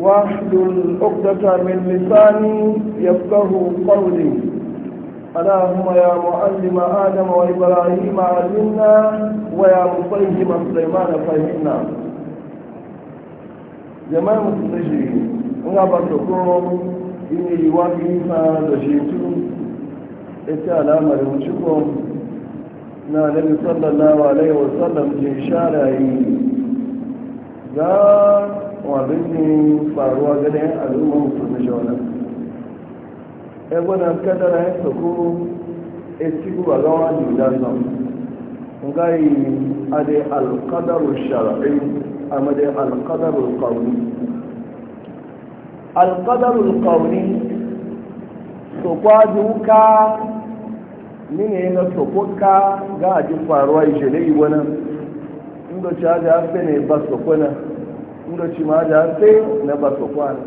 واحلل عقدة من لساني يفقه قولي اللهم يا معلم آدم وإبراهيم علمنا ويا مفهم سليمان فهمنا جماعة المسلمين ina ba ta kuma ina yi wa nisa da shetu ita alamar cikon na nabi sallallahu alaihi ke sharayi a? wabin ne faruwa ganin al'ummar musulmi shawarar ya kadara ya sako ya ci gawa juda sam gai a da alkadaru shara'i a ma kauni alkadaru kauni so kwaju ka nine na sokoka ga aji faruwa ishe ne yi inda ci aji hafi ne ba na. inda ma da sai na ba su kwana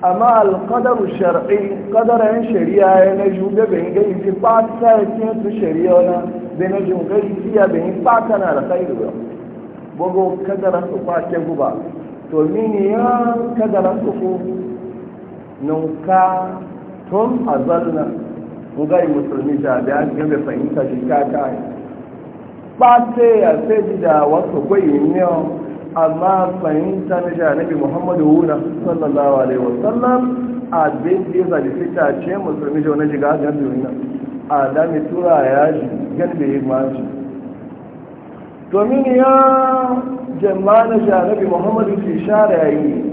amma alƙadaru shar'i ƙadarayen shari'a ya na jube bai ga yi fata ya ce su shari'a na bai na jube ya bai fata na da kai ba bugu kadara su kwace guba to mini ya kadara su ku nunka tun azalna mugayi musulmi da da gabe fahimta shi kaka ba sai ya sai da wasu kwayi ne amma fahimta na da muhammadu wuna sallallahu alaihi wasallam a bin da ya zaji fita ce musulmi da wani jiga ga duniya a dami tura ya ji galbe ya maji domin ya jama na da muhammadu ke share ya yi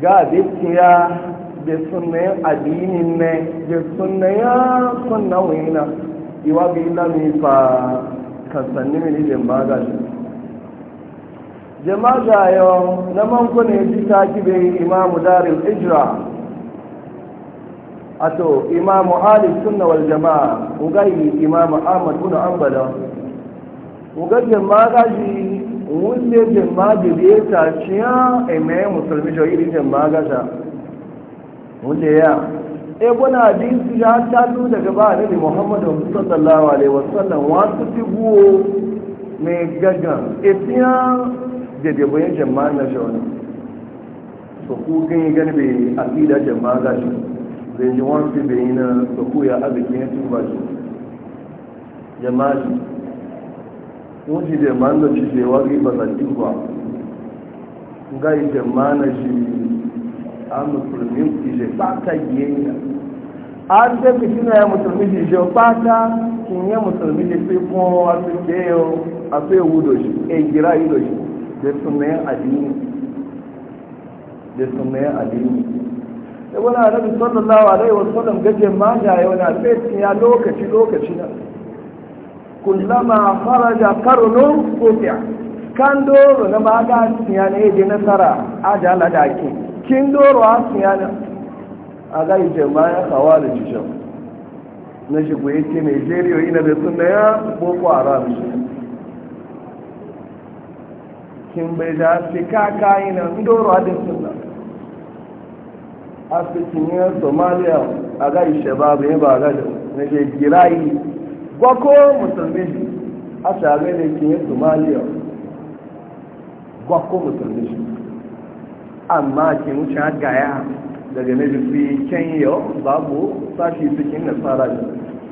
ga bikiya da sunayen addinin ne da sunayen sunan wina iwa bi lamifa kasanni mini jama ga shi jama'a yau na manko ne ji ta kibe imamu daril ijra ato imamu ali suna wal jama'a ugayi imamu ahmad bin ambala ugayi jama'a gaji wunde jama'a da biye ta ciya eme eh, musulmi shahidi jama'a gaja wunde ya e gwana hadisi ya tatu daga ba annabi muhammadu sallallahu alaihi wasallam wasu tiguwo mai gaggan ifiyan e, daidai bayan jama'a na shawani so ku kan yi gani bai akida jama'a ga shi zai ji wani fi bai na so ku ya arziki ya tuba shi jama'a shi mun shi jama'a da shi shewa ga ba za ki ba ga yi jama'a na shi a musulmin ki je ba ta yi an tẹ́ fi sínú ẹ̀ mùsùlùmí ti ṣe pátá kí ìyẹn mùsùlùmí ti fi fún àfikẹ́ àfẹ́ ìwúdò ẹ̀jìrá ìlò yìí da sunayen addini da da wani annabi sallallahu alaihi wa sallam gaje ma ya yi wani alfaiti ya lokaci lokaci na kullama faraja ko kofiya kan doro na ga siya na yaje nasara a da ala da ke kin doro a siya na a ga yi jama'a ya kawo da jishan na shi goye ce mai jeriyo ina da ya boko haram shi kin bai da fika kayi na ndoro adin sunna asikin yin somalia a ga ishe ba bai ba ga da na ke girayi gwako musulmi a shabe ne kin yin somalia gwako musulmi amma kin wuce gaya daga na jifi kenya babu sashi cikin nasara ne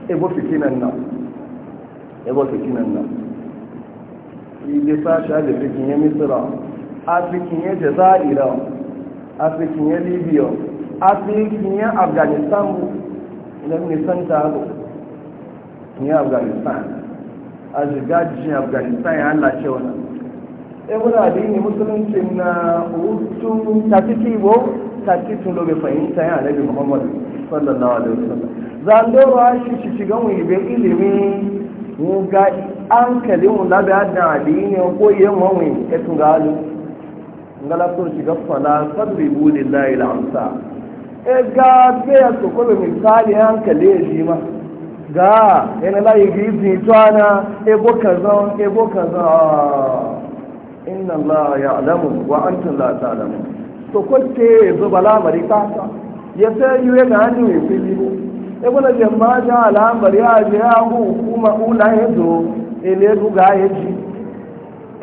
ebo fitinan nan ebo fitinan nan ile sashi alifikin ya misira afrikin ya jazaira afrikin ya libya afrikin ya afghanistan idan nisan ta abu ya afghanistan a jigajin afghanistan ya hallace wani ebuna adini musulunci na hutu tafiti bo tafitun lobe fahimta ya alabi muhammadu sallallahu alaihi wasallam zandoro a shi shigan wibe ilimi? nga an kali mu na da da dini ko yin mawin ya tungalu ngala so shi ga fala sabri layi da amsa e ga be ya misali hankali kali e ma ga yana layi yi izi twana e bo kaza ebo bo kaza inna allaha ya'lamu wa antum la ta'lamun to ko te zo bala mari ta ya sai yuwe hannu ya fi biyu. ebona je ma ja ala mbari a ahu kuma ula ya zo ele duga ya ji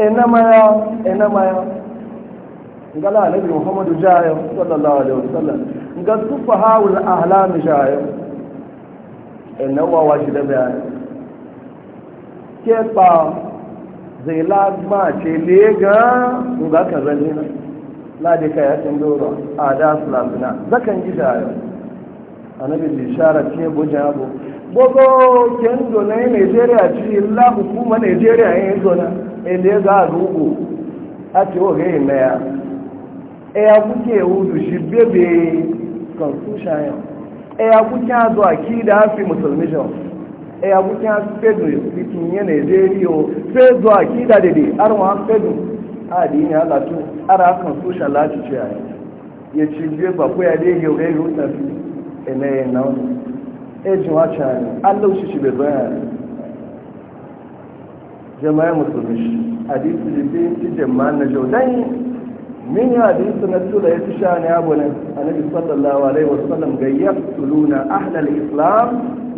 enama ya enama ya ngala bi muhammadu jayo sallallahu alaihi wasallam ga tufa hawul ahlam jayo enawa wajida bayan ke pa zai lagba ce lega ga kan zanina na da kayatin doro a da sulamina zakan ji yau annabi bishara ce bujin abu gbogbo kendo na yi nigeria ci la hukuma nigeria yin zona ele za a rugu a ti o gai na ya e ya kuke wudu shi bebe constitution yau e ya kuke azu a ki da hafi musulmi jau e ya kuke azu fedu cikin yi nigeria fedu a ki da dede arwa fedu a di ni ne halatu ara constitution lati ce ya ci bebe ba ko ya dege o gai rutar eléyè náà ejì wọn àti àyè alẹ́ bẹ̀rẹ̀ àyè jẹmọ́ mùsùlùmí àdìsí bíbí ti jẹmọ́ ànájọ lẹ́yìn min yi na tura ya fi sha ne abu ne annabi sallallahu alaihi wasallam ga ahlal islam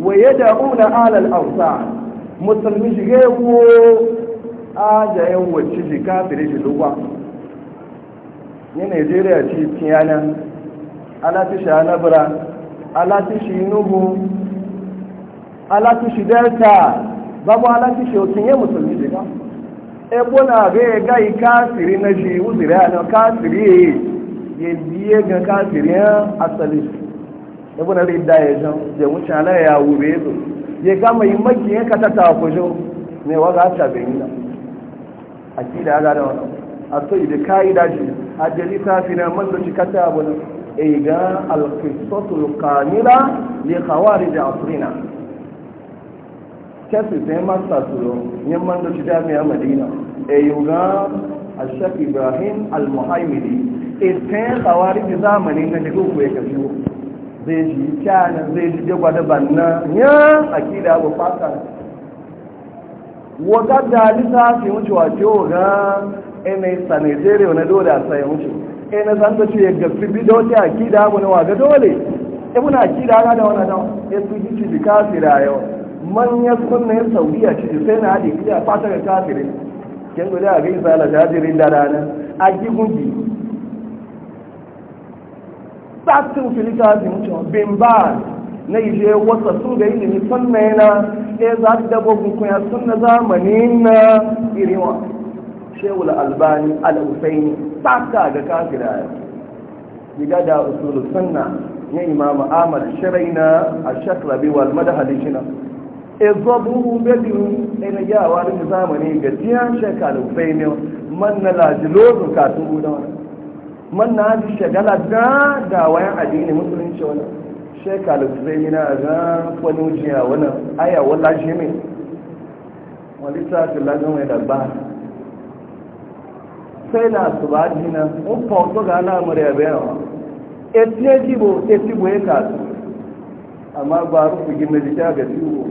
wa na ahlal awsa musulmi shige ko aja yan wacce shi kafire shi lugwa ni Najeriya ci tiyana ana fi na bura alátìṣì inúbu alátìṣì delta babu alátìṣì òtún yẹ musulmi jìká ebo na abẹ́ ga yi káàsìrí na ṣe wùzìrí àná káàsìrí èyí yẹ biye asali ebo na da yẹ jan jẹ wuce aláya wùrẹ ẹzọ yẹ gama yi yẹ kata ta akwụjọ ne wa ga ta bẹ̀yìn na akida ala da wọn a yi da ka'ida shi a jeli ta fi na mallaci kata ga alkisotul kamila li khawari da afirina kesi sai masta turo yin man da shi jami'a madina eyi ga ibrahim al-muhaimidi ita khawari da zamanin na da gugu ya kafiyo zai ji kyanan zai ji jagwa da banna ya akida abu fata wata dalisa wa ga a na dole a eh na san da ce ya gafi bidoci a kida mu wa ga dole eh muna kida ga da wani dan ya eh, su ji ci kafira yau man ya sunna ya saudiya ci sai na hadi a fata ga kafirin kin gode a ga isa la jajirin da rana a gigungi satin filita din mutum bin ba na ije wasa sun ga ilimi sunna yana eh za ta dabo sun sunna zamanin na wa shewul albani al'usaini ba ta ga kafira diga da usulul sunna ya imam ahmad shiraina ash-shakrabi wal madhhabi shina ezobu bedu ina e ya wani zamani ga tiyan shekal usaini man na lajilozu ka tubu da wani man na ji shagala da da wayan addini musulunci wani shekal usaini na ga kwanujiya wani aya wala jimin wani tafi lagun da ba sai na su ba bụ ya kasu amma ba rufu gina ga ciwo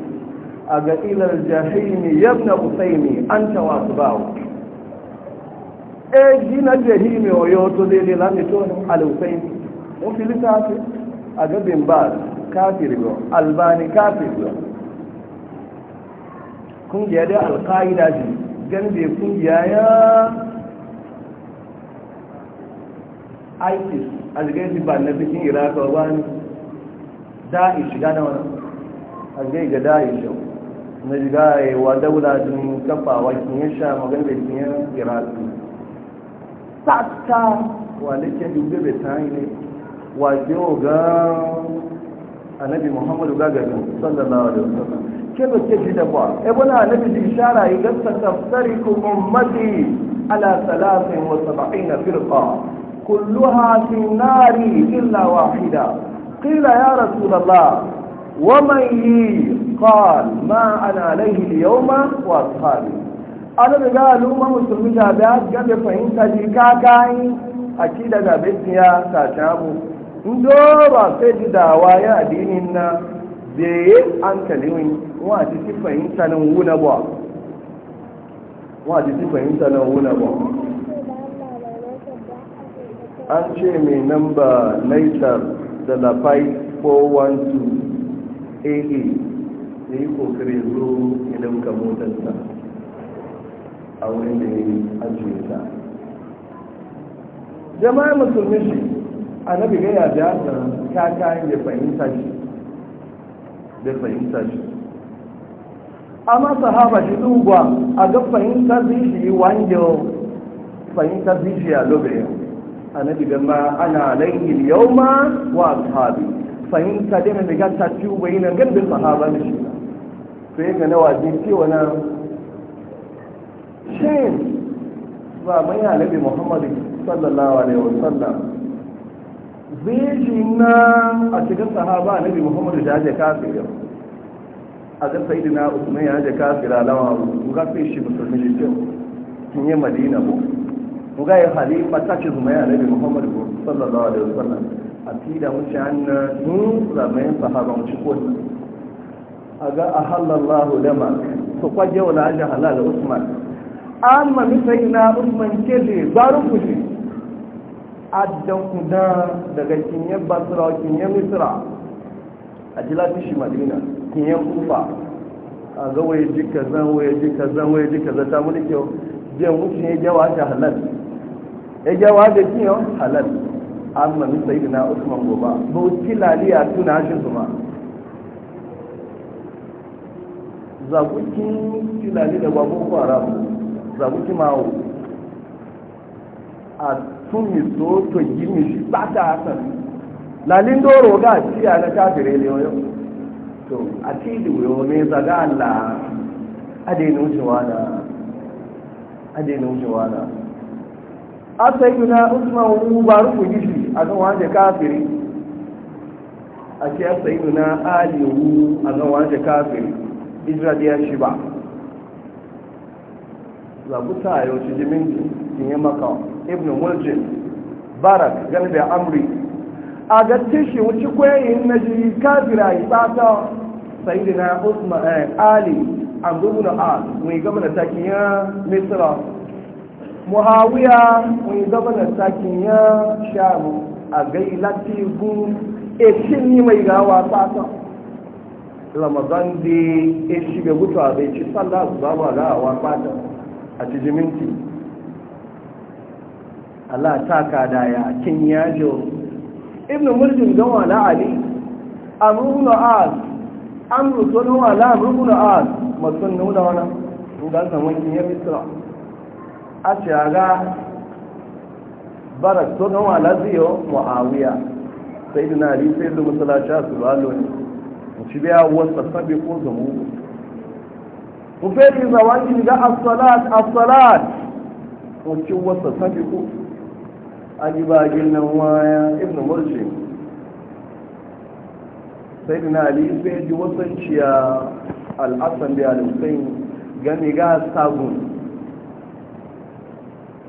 a ga ilar jahimi na usaini an tawa su ba wa e gina jahimi oyo to zai na. a gabin kafir isis algaisi ba na bikin iraka ba ne shiga na wani algai ga da'i shi na jiga ya wa daula jin kafawa kin yi sha magana da kin ya ta ta wa ke dubbe bai ta yi ne wa ke ga annabi muhammadu gagarin sallallahu alaihi wasallam ke ba ke ji da ba e na annabi ji shara yi gasa tafsari ku ummati ala ba'ina firka كلها في النار إلا واحدة قيل يا رسول الله ومن لي قال ما أنا عليه اليوم وأصحابي أنا بقال أمة مسلمين جابات قبل فهمت جيكاكاي أكيد أنا بيتيا ساتامو ndora sai ji ديننا ya addinin na beye an kalimin wata ci fahimta nan wuna ba wata ci fahimta nan wuna ba an ce mai namba naitar da lafai 412 aa da yi kokare zo idan ka motarsa a wurin da ya yi ajiye ta jama'a musulmi shi a ga ya ji hasa ta kayan da fahimta shi da fahimta shi amma sahaba shi dubba a ga fahimta zai shi yi wanda fahimta zai shi a yau annabi ga ma ana alayhi yawma wa ashabi fahimta dai mai ga ta ciwo bai nan gandun sahaba ne shi to yake na waje cewa na shin ba mai annabi Muhammadu sallallahu alaihi wasallam zai shi na a cikin sahaba annabi Muhammadu da ya kafir a ga sayyidina Usman ya ja kafira lawa ga sai shi musulmi ne ce mun yi Madina ko ga ya hali fata ce zuma ya rabe muhammad sallallahu alaihi wasallam a fi da wuce an na nun zamayin sahaba wuce kotu a ga a halallahu dama su kwaje wa la'ajin halal usman An amma sai na usman ke je barun kushe addan kuda daga kinyen Basira kinyen Misira. a jilafi shi madina kinyen kufa a ga waye ji kaza waye ji kaza waye ji kaza ta mulki yau jiyan wuce ne jawa ta halal ya jawa da kiyon halal amma na sayyidina usman goba ba wuce laliya tuna shi kuma zakukin tilali da babu kwara zakuki mawo a tun mi so to yi mi shi ba ta hasan lalin doro ga ciya na kafire ne yau to a cidi wuyo ne zaga allah adenu shi wada adenu shi wada asayiduna usman mubarak ku gishi a ga wanda kafiri a ce asayiduna aliyu a ga wanda kafiri israel ya shi ba zabuta a yau shi jimin kinye maka ibn muljin barak galibi amri a gaske shi wuce kwayoyin na ji kafira yi bata sayidina usman ali abdubuna a mai gama da takiya misra muhawiya wani gabanar sakin ya shamu a gai latifu etin yi mai gawa fata ramazan da ya shiga gutu a bai ci sallah su zama gawa fata a cijiminti allah ta ka da ya kin yajo ibn murjin don wala ali amruna az amru sunan wala amruna az masu nuna wana ga samun kin ya misra a ce ga barak to nawa wala ziyo muawiya sai da nari sai da musulaci a sulalo ne mu ci biya wasa sabi ko zamu mu fere zawanci ga asalat salat as-salat mu ci wasa sabi ko ali bagin nan waya ibnu murshi sai da nari sai da wasanciya al-hasan bi da husayn gani ga sabon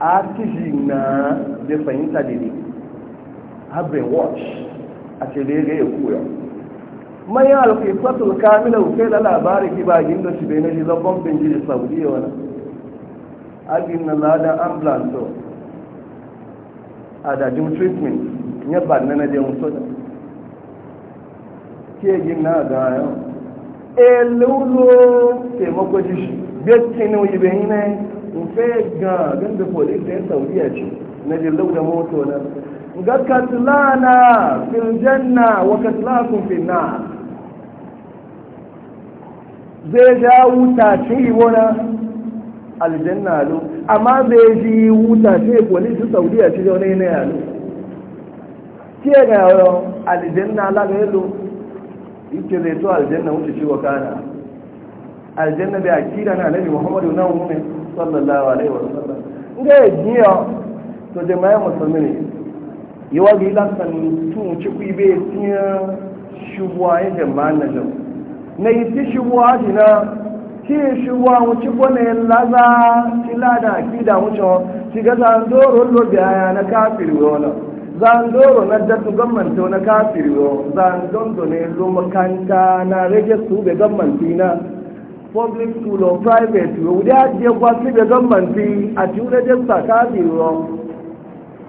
atiji na da fahimta dede habe watch a ce da ya ya koya manyan alfisatul kamila kai da labarin gibagin da shi bai na jizon bambin jiri saudiya wani agin na ladan ambulance a dajin treatment ya ba na na jin soda ke gin na gaya e lulo taimakon jishi bai kinu yi bai ne fe ga ganda polis da saudiya ce na jirgin da moto na ga katlana fil janna wa katlakum fil na zai ja wuta ce wona aljanna lo amma zai ji wuta ce police saudiya ce wani ne ya lo ke ga yawon aljanna la ga yalo yake zai to aljanna wuce wa kana aljanna bai akira na nabi muhammadu na umumin sallallahu alaihi wasallam nga ya jiya to mai musulmi ne yawa bi lansan tun ci ku be tiya shubuwa ya da na da na yi ci shubuwa shi na ki shubuwa mu ci ko ne laza ki lada ki da mu cewa ki ga zandoro lo biya na kafiri wala zandoro na datu gamman to na kafiri wo do ne lo makanta na rage su be gamman dina public school or private school wòde adìẹ kwa síbi gọ́ọ̀mẹ̀ntì àti wúlẹ́dẹ́ sàkáàbì rọ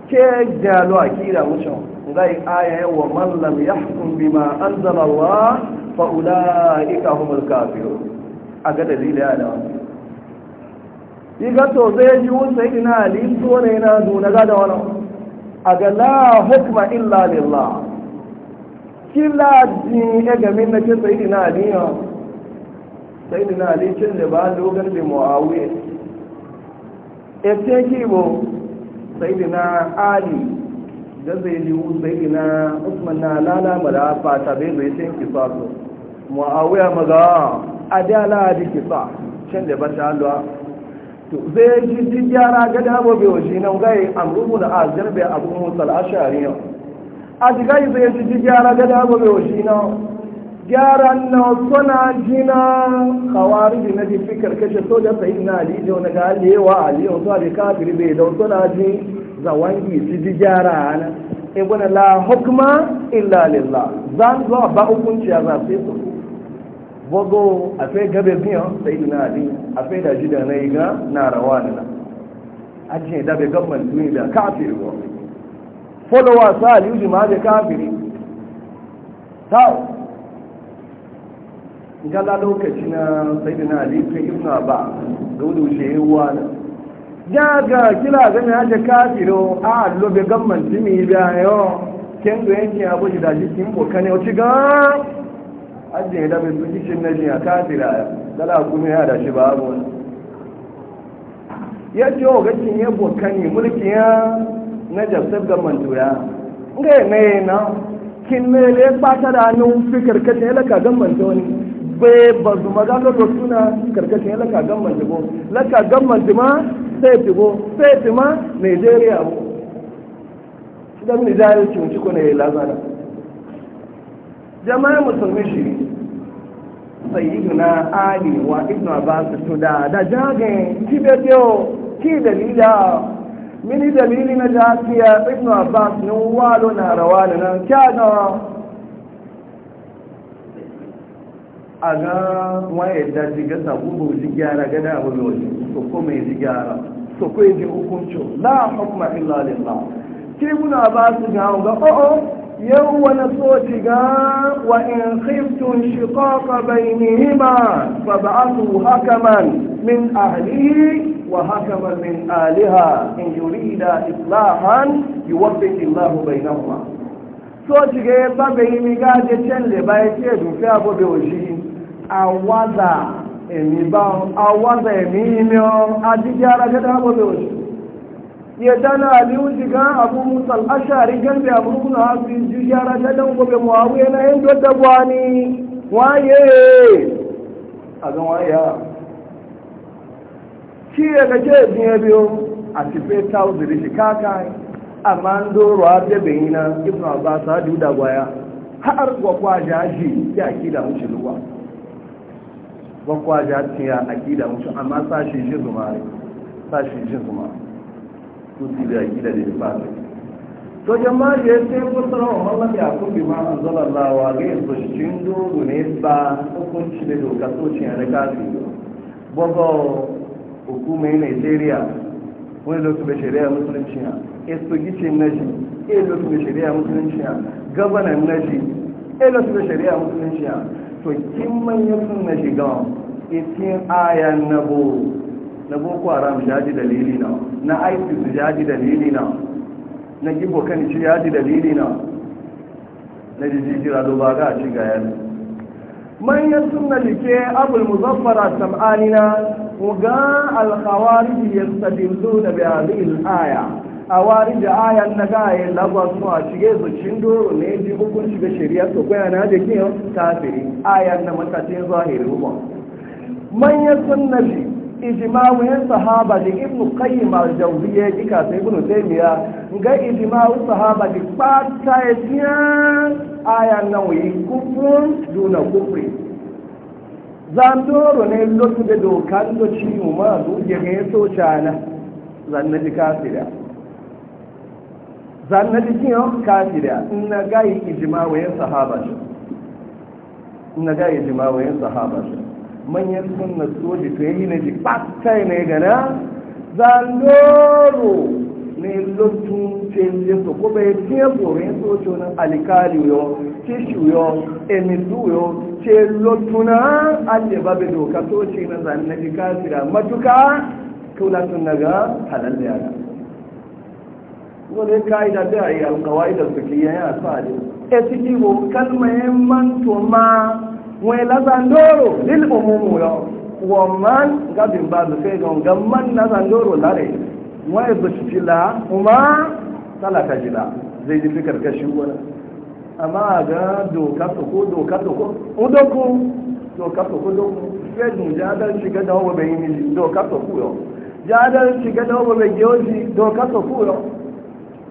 ké jẹ́ àlọ́ àkíyà wúṣọ nga yi yìí ayẹ wọ man lam yaxkun bi ma an zala wa fa ula ika humul kafiro a ga dalilin ya da wani yi ga to zai ji wusa yi na ali to ne na duna ga da wani a ga la hukma illa lillah kila jin ya gamin na ce sai na aliyan sai da na alicin da ba dogon da mu'awiyar ete kibo sai da na ali da zai liwu sai da na usman na lala mara fata bai zai ki kisa su mu'awiyar maza a da ki kisa can da ba ta halwa to zai ji ji gyara ga dabo bai waje na gai amrubu da azirbe abu musal ashari a jigai zai ji ji gyara ga dabo bai waje na gyaran na suna jina kawari da na ji fi karkashe soja sai na aliyu na ga alewa aliyu su da kafiri bai da suna ji zawangi su ji gyara ana ibn la hukma illa lillah zan zo ba hukunci a zafi su bogo a fai gabe biyan sai na ali a fai da ji da na yi ga na rawa na a ce da be gaban duniya da kafiri ba followers aliyu ji ma da kafiri ta'u gala lokaci na sayidina ali ba da abba wuce yi wa na ya ga kila ga na ta kafiro a lo be gamman jimi da yo ken do yanki abu da jikin bokane o tiga ajin da be jikin na jiya kafira dala kuma ya da shi babu ya ce o gakin ya bokane mulkin ya na jasab gamman tuya ngai ne na kin ne le pata da nu fikir ta la ka gamman to ni bai ba su magana da suna karkashin laka gan manjibo laka gan jima sai tibo sai tima nigeria mu don ni zai ne ko ne lazana jama'a musulmi shi sayyiduna ali wa ibnu abbas to da da jage kibetiyo ki dalila mini dalili na jafiya ibnu abbas ne walo na rawana na kyaga a ga waye da ga sabu ba ji gyara da abu mai waje so ko mai ji gyara so ko yaji hukuncin la hukma illa lillah ke muna ba su ga ga o oh, o oh, yau wani so ci ga wa in khiftun shiqaqa bainihima fa ba'athu hakaman min ahlihi wa hakaman min aliha in yurida islahan yuwaffiq Allahu bainahuma so ci ga ba bai mi ga je can le ba ya ce dufi abu bai wajihi awaza èmì bá awaza èmì ime ọ adíjẹ́ ara gẹ́gẹ́ agbóbe òṣù yẹ̀dánà àdíwú ti gán abu musa al'ashari gẹ́gẹ́ abubuwan hafi ju yára gẹ́gẹ́ agbóbe muhawu yana yin dọ́dọ̀ ni wáyé a gan wáyá kí ẹgbẹ́ jẹ́ ìdí ẹbí o ń dóró abẹ́bẹ̀yìn ya gwakwa ja tiya akida musu amma sashi shi zuma ne sashi shi zuma kuti da akida da fata to jama'a ya sai fasara wa mallam ya kun bi ma anzalallahu wa ga yanzu shin dogo ne ba hukunci da doka soci na kafi bogo hukumai Nigeria wani lokacin shari'a musulunci ya estogicin naji eh lokacin shari'a musulunci ya gabanan naji eh lokacin shari'a musulunci ya to kin manya sun na shiga itin ayan na bo na boko haram jaji dalili na na isis jaji dalili na na gibo kan shi jaji dalili na na jijijira do ba ga ga yan manyan sun na jike abul muzaffara sam'anina ga alkhawari yastadilluna bi hadhihi al-aya a wari da ayan na gaya labar mu a shige zucin doro ne ji hukun shiga shari'a to kwaya na da kiyan kafiri ayan na matakin zahiri ruwa manyan sunnabi ijimawu yan sahaba da ibnu qayyim al-jawziyya ya sai ibnu taymiya ga ijimawu sahaba da fata e ya ayan na wi kufrun duna kufri zandoro ne da dokan do ci ne so chana zanna zan na jikin yau kafira na gayi ijimawayen sahaba shi na gayi ijimawayen sahaba shi manyan suna soji to yi na ji na ne gana zan doro ne lotun canje su ko bai tsoro borin soci wani alikali yo tishu yo emisu yau ce lotuna aljaba babu doka soci na zan na ji kafira matuka kaulatun na ga halalliya wani ka'ida da a yi alkawa'idar da kiyan ya sa ne e ciki bo kalmayin manto ma wai lazandoro lil umumu ya wa man gabin ba su kai ga man na zandoro lare wai ba su fila kuma talaka jila zai ji fikar kashi wani amma ga doka toko, doka toko. ko udoku doka toko doku sai mu jadar shiga da hawa bai yi doka su yau jadar shiga da hawa bai yi doka su yau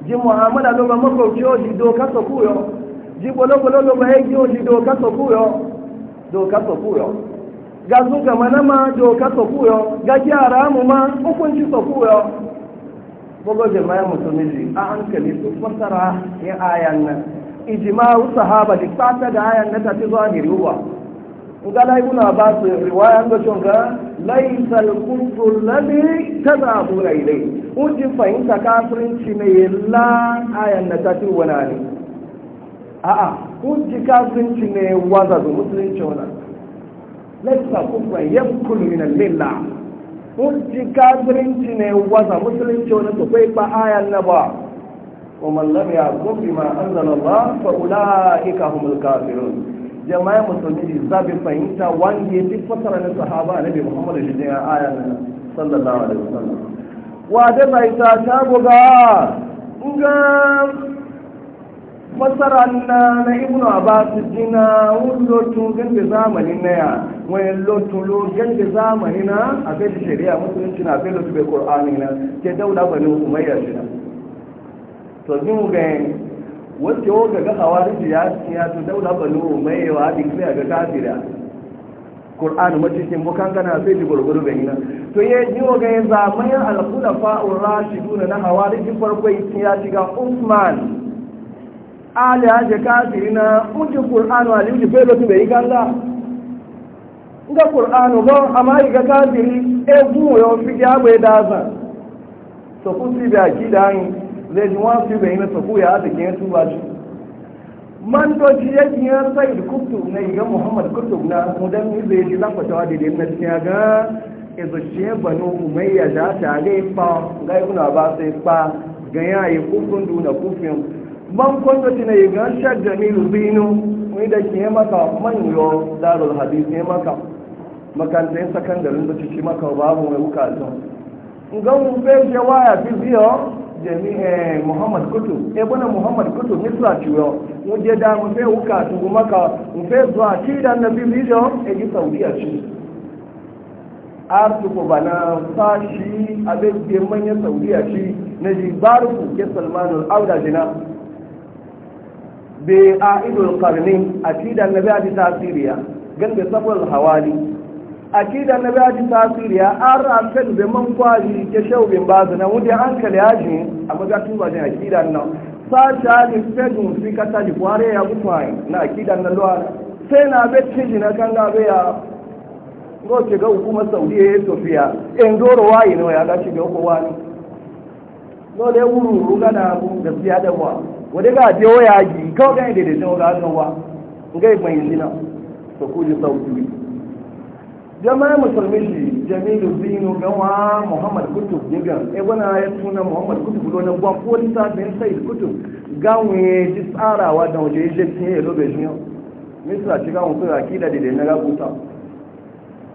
ji muhammadu loba makauci oji doka sa kuyo ji gwalogwalo loba ya gi oji doka sa kuyo doka sa kuyo ga su mana ma doka sa kuyo ga gyara mu ma hukunci sa kuyo bugu jama'a musulmi ji a hankali su fasara ya ayan nan ijima sahaba da fata da ayan na tafi zuwa nga la ibnu abbas riwaya ndo chonga laisa al lani kaza tad'abuna ilayhi uji fahimta kafirinci ne la ayan da ta ci wani ne a'a uji kafirinci ne waza da musulunci wani laisa kufra yakul min al-milla uji kafirinci ne waza musulunci wani to kai ba ayan na ba ومن لم يعقب بما انزل الله فاولئك هم الكافرون jama'a musulmi da zabi fahimta wanda ya fi fasara na sahaba na bai muhammadu shi ne a aya na sallallahu alaihi wasallam wa da mai ta ta buga ga fasara na na ibnu abbas jina lotu gande zamanin na ya wani lotu lo gande zamani na a bai shari'a musulunci na bai lotu bai qur'ani na ke daula bani umayya shi na to jin ga wanda wo ga gawa da ya ya to daula banu mai wa din sai ga kafira Qur'an macikin bukan gana sai ji gurguru da ina to yi yi wa ga zamanin al fa'un rashi rashidun na ji farko ya shiga Usman. ali je kafiri na uji Qur'an wa liuji pelo tu be ikanga nga Qur'an go amai ga kafiri ebu yo fiki abwe daza so kusi bi akida yin zai ji wasu yi bayanin sako ya haɗa ke su ba shi man doji ya ji ya sai kutub na iga muhammad kutub na mudan ni zai ji lakwatawa da dai na cikin ga izo shi banu umayya da ta ga ifa ga ibn abbas ifa ga ya yi kufun duna kufin man kwando tina iga shar ni rubinu mai da ke maka manyo darul hadith ne maka makantayin sakandarin da ciki maka babu mai bukatun ga mu bai je waya fi biyo jami eh muhammad kutu E, ebona muhammad kutu tiyo mu je da mu fe uka tugu maka mu fe zuwa ci da nabi video e ji saudiya ci artu ko bana sashi abe je manya saudiya ci na ji baruku ke al auda jina be aidul qarni a ti da nabi a ji siriya gan be sabul hawali akida na baji tasiri ya an rankan da man kwaji ke shaubin bazu na wuce an kale yaji a magatun bajin akida na sasha ne fejin fi kata ji kware ya bukwai na akida na luwa sai na bai ciji na kan gabe ya roce ga hukumar saudiya ya tafiya in doro waye ne ya gashi ga uku wani dole wuru ruga na abu da siya da wa wadda ga je waya ji kawai ga yadda da jawo ga hannuwa ga yi bayin lina su saudiya jama'a musulmi shi jamilu zinu gawa muhammad kutub diga e wana ya tuna muhammad kutub lo na gwa ko ta bin sai kutub gawe ji tsarawa da waje ya jefi ya lobe shi misra ci gawo ko kida da na gabuta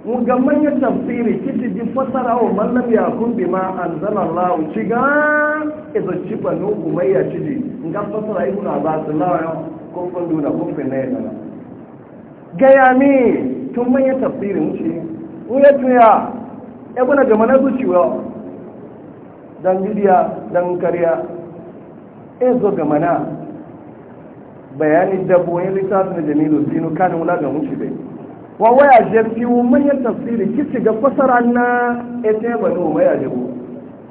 mu ga manya tafsiri kiti ji fasara wa mallam ya kun bima anzala allah ci ga izo e ci banu umayya ci ji ga fasara ibnu abbas allah ko kun duna kun fina yana ga tun manyan tafsirin wuce wuya tuya ebe na gama na zuciwa don gidiya don kariya in zo gama na bayani dabbobin littafin da jamilu zinu kanin wula ga wuce bai wa waya jefi manyan tafsiri kisi ga fasara na ete banu waya jebu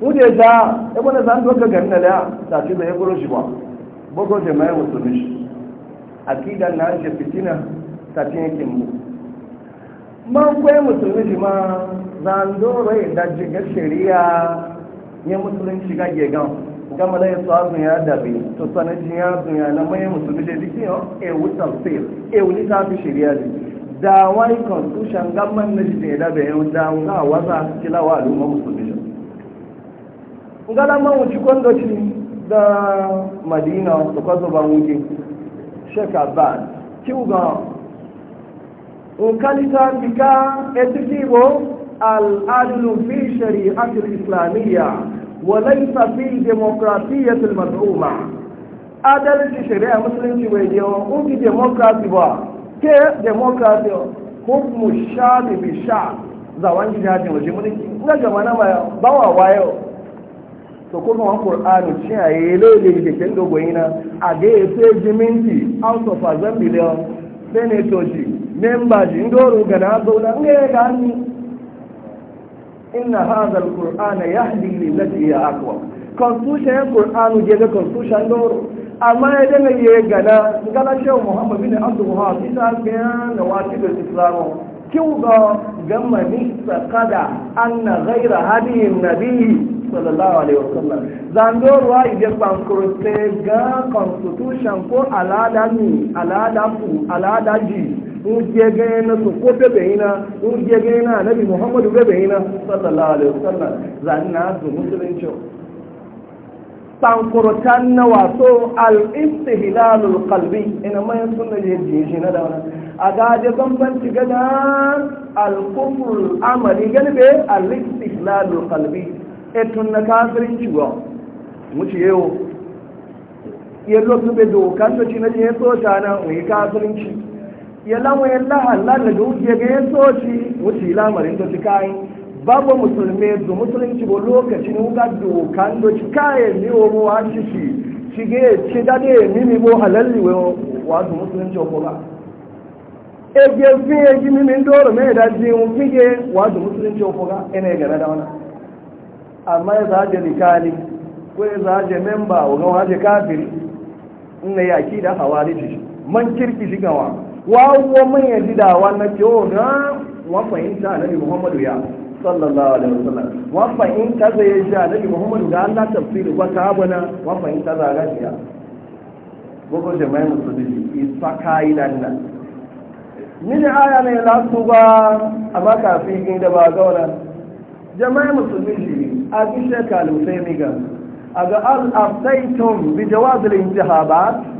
wuce da ebe na zan doka garin na da ta ci zai gurin shi ba bugun jama'a musulmi shi akidan na an fitina ta cinye kimbo man musulmi shi ma zandoro daji ga shari'a ya musulunci ga gegan gama na yasu azun ya dabi to ya ya na musulmi da yau a a wuli ta fi shari'a ne da wani constitution gaman na ya yau da wasa kilawa musulmi da madina da kwazo nkalita fika etikibo al'adlu fi shari'ati al-islamiyya wa laysa fi demokratiyyati al-mad'uma adalci shari'a musulunci bai je wa unki demokrasi ba ke demokrasi hukmu shafi bi sha zawon gidajen waje mulki na gama na bawa wayo to kuma wani ƙur'anu ce a yi lele da kyan dogoyi na a ga ya sai jiminti out of assembly da memba shi ndoro ga na zauna ne ya gani inna hadha alqur'ana yahdi lillati hiya aqwa constitution ya qur'anu je ga constitution ndoro amma ya dana ya gana gala shehu muhammad bin abdul wahab isa ga na wati da islamu kiu ga gamma ni saqada anna ghayra hadi nabi sallallahu alaihi wasallam zandoro ai je ban kurte ga constitution ko alada ni alada in je gane na su ko bai na in je gane na nabi muhammadu bebe ina sallallahu alaihi wasallam zan na su musulunci tankurtan na wato al-istihlalul qalbi ina mai sunna je ji na da a gaje bambanci gada al-kufrul amali galbe al-istihlalul qalbi etun na kafirin ciwa muci yau yello su be dokan da ci na je so ta na mu yi kafirin ya lawan yin lahalla daga wuce ga yin soci wuce lamarin da kayan babu musulmi da musulunci ba lokacin wuga dokan da kaye ne wa ruwa shi shi shige ci dade mimi bo halalli wa da musulunci ko ba ege fi me da ji un fige wa musulunci ko ba ina e ga da wannan amma ya zaje likali ko ya zaje memba wawo man ya ji dawa na kyau na wa fahimta annabi muhammadu ya sallallahu alaihi wasallam wa fahimta zai ya ji annabi muhammadu ga Allah tafsiri ba ka abuna wa fahimta za ga ya gogo jama'i musulmi isa kai nan nan min aya ne la su ba amma kafin gin da ba gauna jama'i musulmi shi a gishe kalusai miga a ga al-afsaitum bi jawaz al-intihabat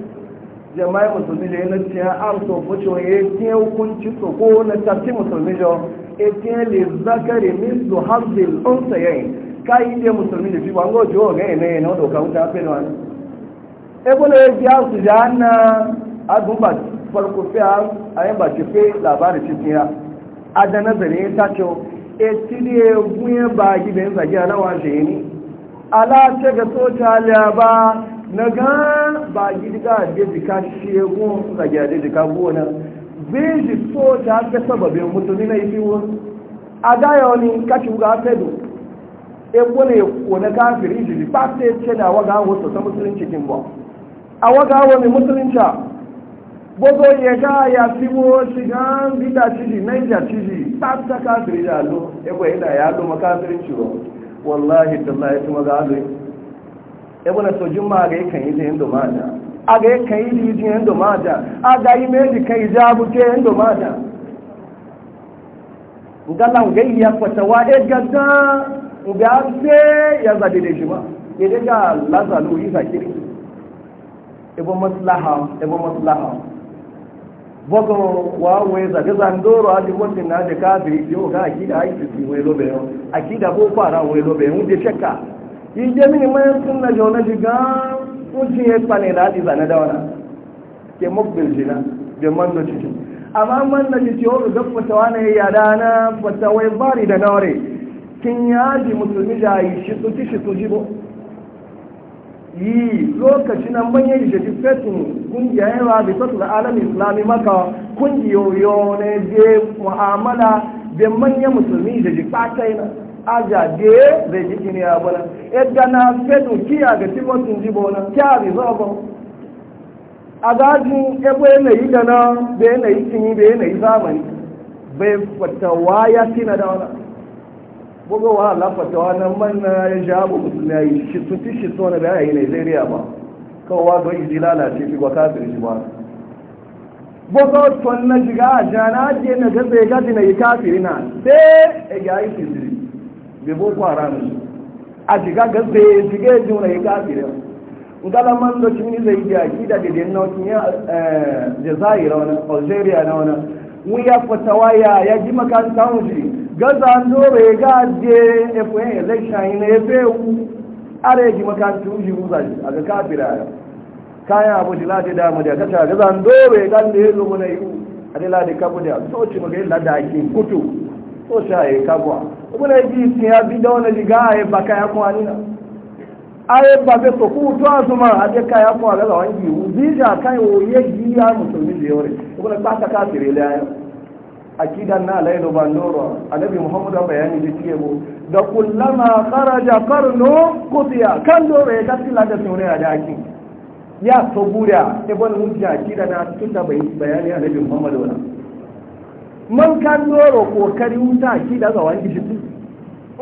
jama'i musulmi da yana tiya am so fucho ya tiya hukunci so ko na tafi musulmi da ya tiya le zakari min su hazil unsa yayin kai da musulmi da fi bango jo ga ne na do kan ta fe no an e bolo ya biya su ana agun ba farko fe ayin ba ci fe labari ci tiya adana zane ta ce e tiye gunye ba gibe zagi alawa je ni ala ce ga so ta ba na ga ba gidga da jika shegun da ga jika gona zai ji so ta ga sababin mutuni na yi won a ga ya wani kashi ga fedu e na kafiri ji ba sai ce na waga wasu ta musulunci kin ba a waga mai musulunci gbogbo yẹ ká yàtìwó ṣìgán bídà tìjì ta tìjì pátá káàkiri dà ló ẹgbẹ́ ya ebona to juma ga yakan yi zai domaja aga yakan yi zai ndomada. A aga yi meji kan yi jabu ke yin domaja ngalan gai ya fata wa e gada ga se ya zade da shi ba ya daga lazalu yi zakiri ebo maslaha ebo maslaha bogo wa we zage zandoro adi wasu na de kafiri yo ga akida ai tsi we lobe akida bo fara we lobe hunde cheka yije mini mayan sunna jona gan kunci ya kwane da haɗi zane da wana ke mukbil jina be man do ciki amma man na ji ciwo ga fatawa ne ya dana fatawai bari da nore kin yaji musulmi da yi shi su ci shi su jibo yi lokaci nan ban yi shi fetin kungiyayen rabi ta tura alam islami maka kungiyoyo ne je mu'amala da manyan musulmi da ji fata yana ajade zai ji kini ya bana yadda na fedu kiya ga timotun ji bona kya rizobo a gajin ebo yanayi da na da yanayi kini da yanayi zamani bai fatawa ya tina da wani bugowa ala fatawa na manna ya jabu musulmi ya yi shi shito na da bayan yi nigeria ba kawowa don iji lalace fi gwaka birji ba bugowa tuwan na shiga a jana je na gaza ya gaji na yi kafirina sai ya yi fiziri bai boko haram ne a shiga gaske. ya shiga ya juna ya kafira ngala man da cin zai yi aki da didin na wani ya jazaira wani algeria na wani mun ya fatawa ya ya ji makaranta wuce gaza an dore ya gaje fn election yi na ya fewu ara ya ji makaranta wuce wuza shi a ga kafira ya kayan abu da lati da mu da kata gaza an dore ya gaje ya zo mana yi a da lati kabu da so ci magayin lada ake kutu so sha ya kabuwa kuna ji sun ya bi da wani liga a yi baka ya kuma nina a yi ba bai so ku tuwa su ma a je kaya kuma ga zawon giwu bija kai wo ye giya musulmi da yawar kuna ba ta kafire da yayin akidan na alaihi ban noro annabi muhammad ba bayani da ke mu da kullama kharaja qarnu qutiya kan dore ya kasila da sunne da akin ya so buda mun hujja akidan na tunda bayani annabi muhammad wannan man kan doro kokari wuta shi da zawan ki shi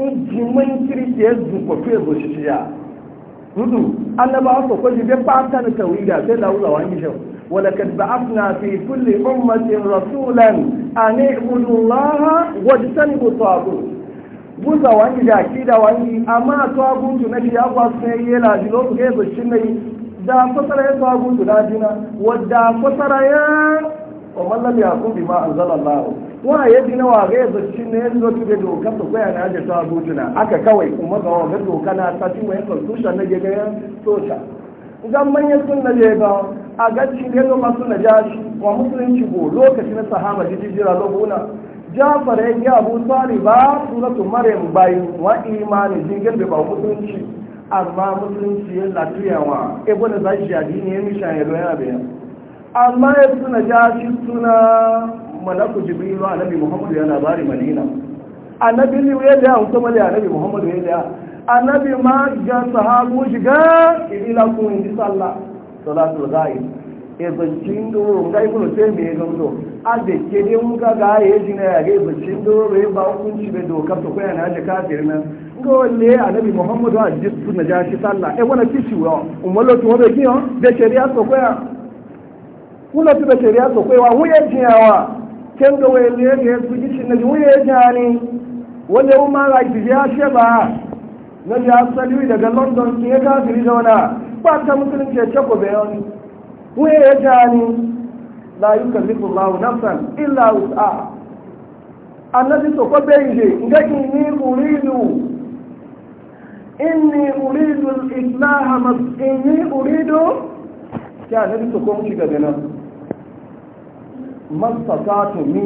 in ji man kirki ya zuko to zo shi shi ya hudu annaba ko ko shi bai fata na tawida sai da zawan ki shi ولقد بعثنا في كل أمة رسولا أن اعبدوا الله واجتنبوا الطاغوت busa wani jaki da wani amma tawagutu na shi ya kwasu ne yi laji lokacin da shi ne da fasara ya tawagutu na jina wadda fasara ya wa mallam ya kun bi ma wa na ga zacci ne yanzu ki da dokar su na da ta aka kawai kuma ga wa ga na ta ci mai constitution na ga sosa idan manyan sun na ga a gacci ne ga masu najashi wa musulunci go lokacin na sahaba jijira lobuna Jafar ya ga Abu ba Maryam bayin wa imani jingin da ba musulunci amma musulunci ya lafiya wa ibnu zashi ne ya ya amma ya suna ja suna malaku jibrilu annabi muhammadu ya labari madina annabi ne ya da hukum da annabi muhammadu ya da annabi ma ga sahabu shiga ila kun in ji sallah salatul ghaib e doro, do ga ibnu taymi ya gando a da ke ne mun ga ga ya ji na ga bancin do re ba hukunci be doka to ko yana da kafir nan ga walle annabi muhammadu a ji suna ja sallah e wala kishi wa umma lo to be kiyo da shari'a to ko kula tu da shari'a su kwaiwa huye jiyawa ken ga waye ne ga su gishin na huye jani wanda yawon ma ga ji ya she ba na ya asali daga london ne ga gari da wana ba ta musulunci ya ce ko bayani huye jani la yukallifu lawu nafsan illa wus'a annabi so ko beje ngaki ni uridu inni uridu al-islaha mas inni uridu ya nabi so ko mu shiga nan masasatu mi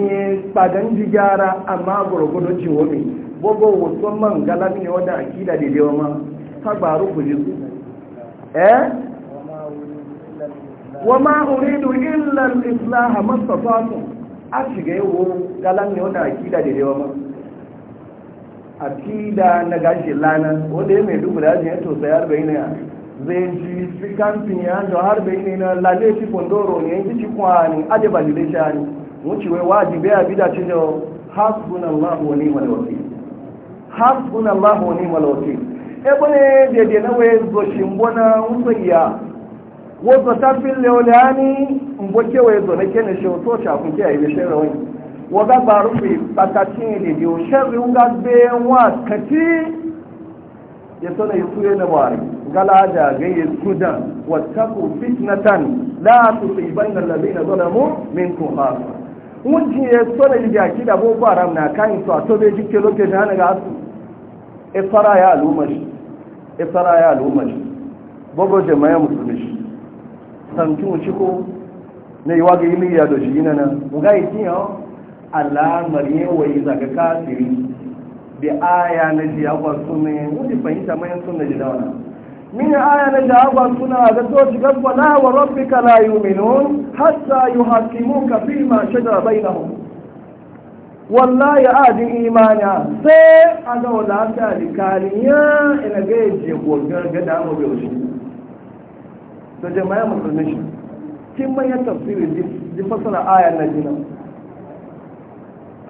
tsadan ji gyara amma gurgudu ci wani gbogbo wasu man galami ne wadda kida da dewa ma ta gbaru ku ji su eh wa ma uridu illan al-islaha masasatu a shiga yawo galami ne a kida da dewa ma a kida na gashi lana wanda ya mai dubu da ajiyar tosayar sayar bai zai ji fi kamfin ya da har na lalle fi kondoro ne yanki ci aje ba jide shani wuce wai wajibi ya bi da ci da hasbun Allah wa ni'mal wakil hasbun Allah wa ni'mal wakil e bane de de na wai zo shimbona musayya wato ta fi leolani mboke wai zo na kene shi to ta kun kiyaye da shin rawai waga baru bi patatin de de o sharri unga be wa kati ya na yusuye na bari kala da gayyar kudan wataku fitnatan la su sai ban da labi na zalamu min kun ha wunci ya tsona yi da kida boko haram na kayan su a to bai jike lokacin hana ga su e fara ya al'umari e fara ya al'umari je jama'a musulmi shi sanki shi ko, na yi waga yi miliya da shi yi nan mu ga yi tiyo alamar yawai zaga kafiri bi aya na jiya kwa sunan wani fahimta mayan sunan da dawana. من آية نجعب سنة قدوش قد ولا وربك لا يؤمنون حتى يحكموك فيما شجر بينهم والله يا آدم إيمانا سي أنا ولا تالكاليا إن جيج يقول قد عمو بيوشي تجمع يا مسلمين كم يتفسير دي فصل آية نجنا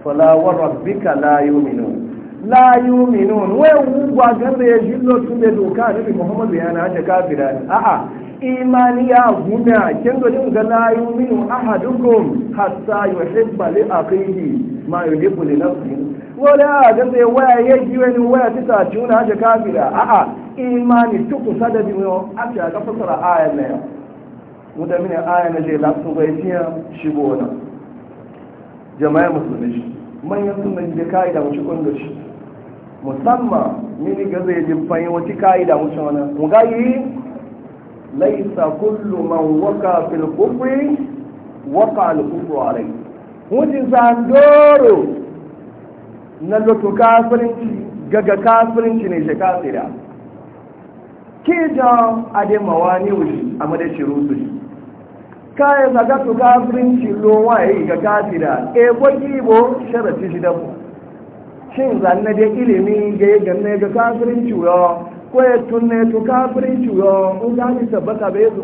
فلا وربك لا يؤمنون la yuminun wai wugwa ganda ya shi lo da doka nabi muhammadu ya na ta kafira a'a imani ya guna kin gani ga la yuminu ahadukum hatta yuhibba li akhihi ma yuhibbu li nafsihi wala ganda ya waya ya ji wani waya ta ta tuna ta kafira a'a imani tuku mu a ta ga fasara ayan ne mudamin ayan ne bai tiya jama'a musulmi manyan da musamman mini ga zai jin fanyi wata ka'ida wuce wani yi laisa kullu man waka fil kufri waka al kufru alai wuce doro na lotu kafirinci gaga kafirinci ne shi kafira ke jan ademawa ne wuce a madashi rusu shi kayan zagatu su kafirinci lowa ya yi ga kafira e gwagi bo sharafi shi dabu shin zanna dai ilimi ga ya ga kafirin cuyo ko ya tunne to kafirin cuyo in za ni tabbata bai zo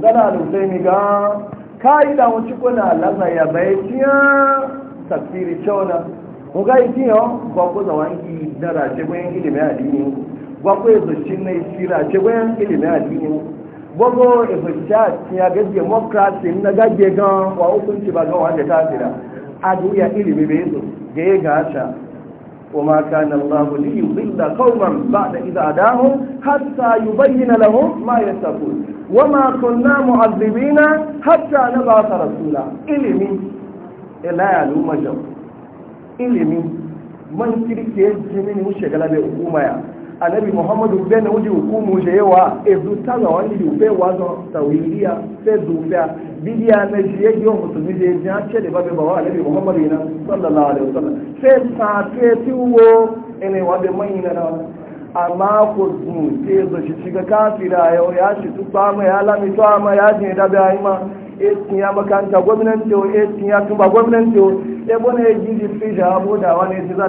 da ya chona ko ga tiyo ko ko zawangi dara ce gwen ilimi addini ko ko ce gwen ilimi addini na gágẹ́ gan wà ó kún ti bá aduya ilimi bai zo ga ya gata وما كان الله ليضل قوما بعد إذا أداهم حتى يبين لهم ما يتقون وما كنا معذبين حتى نبعث رسولا إلي من إلا يعلم جو إلي من من تلك جميل مشكلة بأقوم يعني anabi muhammadu bena uji hukumu jewa ezutala wani upe wazo tawilia fezufia bidi anajiye yo musulmi je jan chele babe bawa anabi muhammadu ina sallallahu alaihi wasallam fe sa fe ti wo ene wabe mayina na amma ko sun te zo shi shiga kafira yau ya shi tuba ma ya lami to ma ya jin da bai ma etin ya makanta gwamnati o etin ya gwamnati o e bona e gidi fi abu da wani ti na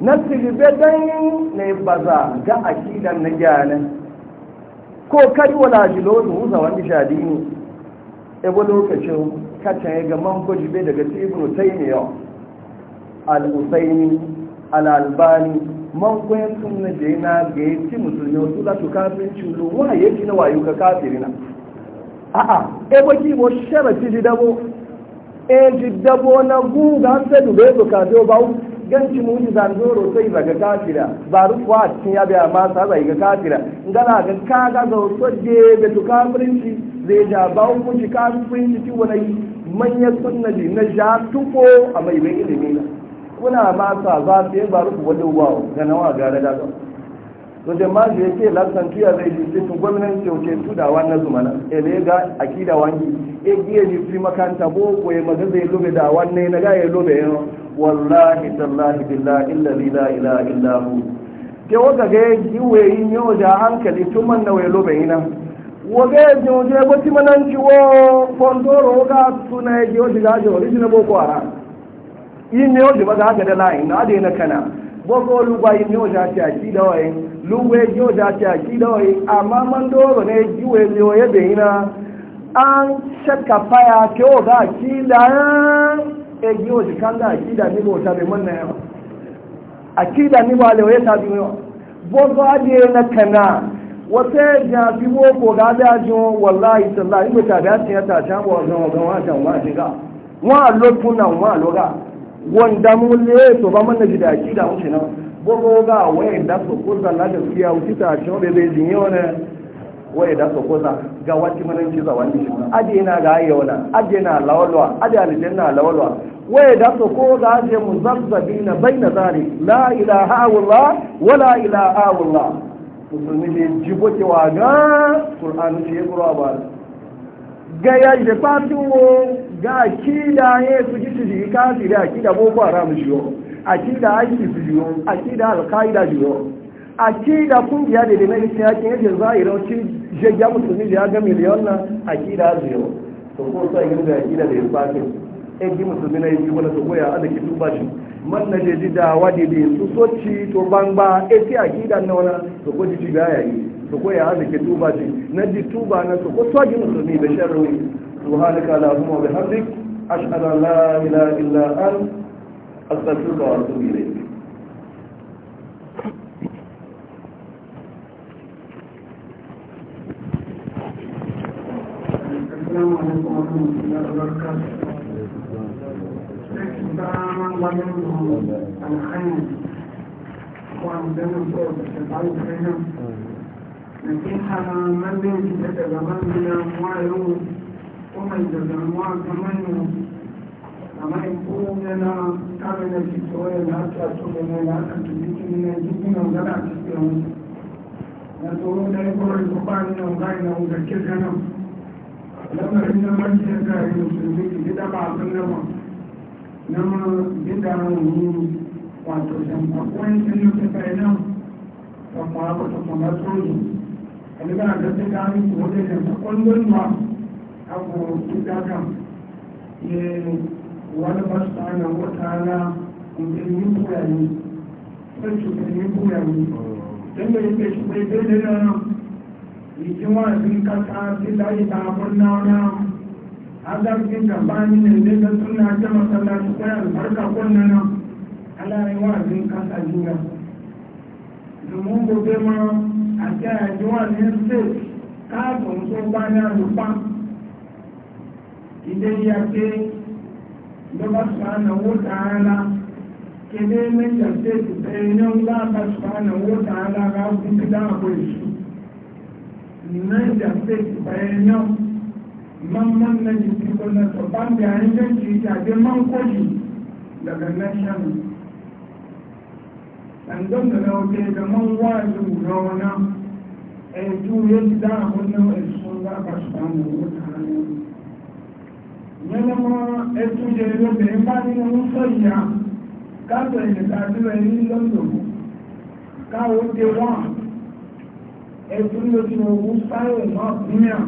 na silibe dan ne baza ga akidan na gyana ko kai wala ji da huza wani shadi ne ebo lokacin kacan ya gaman gwaji bai daga tibin taimi yau al-usaini al-albani man kwayan sun na je na ga ya ci musulmi wasu latu kafin culo wa ya ji na wayo ka na a'a ebo kibo sharafi ji dabo e ji dabo na guga sai dube su kafe ba ganci mu ji zandoro sai ba ga kafira ba rufuwa cikin ya biya ma sa ga kafira ngana ga ka ga zo so je da to kafirinci zai ja ba ku ji kafirinci ti wani manya sunnadi na ja tuko a mai bai ilimi na kuna ma sa za su yi ba rufu wani wa ga nawa ga da da to da ma je ke lantan tiya zai ji sai gwamnati ce ce ke da wannan zumana ne ga akida wangi e giye ni fi makanta boko ya maga zai lobe da wannan na ga ya lobe yana wallahi tallahi billahi illa la ilaha illa hu ke waka ga yiwe yin yau da hankali tun man na welo bai na waga ya joje ba ti manan ciwo kondoro ga suna ya jiwo shiga jiwo rishi na boko hara yin ne wajen ba za ka da layi, na adai na kana boko lugba yin ne wajen ta ki da waye luwe ya jiwo ta ta ki da waye amma man doro ne jiwo ne jiwo ya bai na an shakka faya ke o ga ki da e giwo shi kanga akida ni bo tabe man na akida ni ba le waye bi yo bo zo ade na kana wata ya fi wo ko ga da jo wallahi tallahi ko tabe asin ya ta ta bo zo ga wa ta wa shiga wa lo tuna wa lo ga wanda mu le to ba man na gida akida mu shi na bo ga waye da so ko zalla da fiya wuta ta jo be be jinyo ne waye da su kosa ga wacce manan za wani shi ajiye na ga ayi yau na lawalwa aje na lawalwa waye da su ko ga na bai na zari la ilaha illallah wala ila illallah musulmi ne jibo ke wa ga shi ya kura ba ga ya je fatuwo ga kida ya su ji su ji da kafiri akida boko haram jiyo akida aiki su jiyo alkaida alqaida yau akida kungiya da na ita yakin yake yi rauci jirgin musulmi da ya ga miliyon na akida zuwa to ko sa yi da akida da ya fakin ɗin musulmi na yi wani su goya ala ki tuba shi man na jeji da wadi da su soci to ban ba eti akida na wani to ko jiji ga yayi to ko ya ala ki tuba shi na ji tuba na to ko sa yin musulmi da sharri subhanaka allahumma wa bihamdik ashhadu an la ilaha illa an astaghfiruka wa atubu ilayk السلام عليكم ورحمة الله وبركاته دائما ظلمهم الخير وعندنا صوت الشيطان الخير من بين تتجمل بلا أموالهم ومن تجمعها كمان أما يكون لنا كامل في سوريا لا تأتون لنا لا تأتون لنا جبنا ولا تأتون لنا نسألون وذكرنا lamarin na majiyar kare musulmi gida ba sun nama na ma gida wani wato shan akwai sun yi ta kai nan ta kwaba ta kwaba wani ba da ta kari ko da ta sakon gulma a ko gida kan wani ba su ana wata na mutum yi kuyani sai shugabanni kuyani don da yake shugabanni daidai na nan ìtíwọ́n sí kasa sí láyé ta murna wani azarkin da ba ni ne zai ga suna ta masallaci sai albarka kunna nan alayewa sí kasa jura domin gobe ma a kyaya jiwa ne sai kaatun tó bá ní àlùpá ilé ya pé lọ́ba sùpánà owó tààlà kéde méjì àti ètùtù ẹ̀yẹ́ ńlá bá sùpánà owó tààlà rà ó fún bídá àbọ̀ èṣù. Niger State Pioneer mamman na jikin gwamnan babban da yayin yanki tage man kwaji daga national ɗangon da na wuce ga man wajen rawana a yi juye da a wannan sun za ka su samu wata hanyar yana ma a tuje ya na ka zira yi london ka wuce ẹ̀dùn ní ojú ogun sáyẹ̀ náà níyà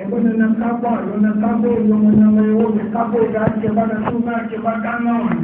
ẹgbẹ́ nínú kápọ̀ àlọ́nà kápọ̀ ìlú ọmọ náà wọ́n yẹ kápọ̀ ìdájẹ́ bá dáná tó máa jẹ dáná àwọn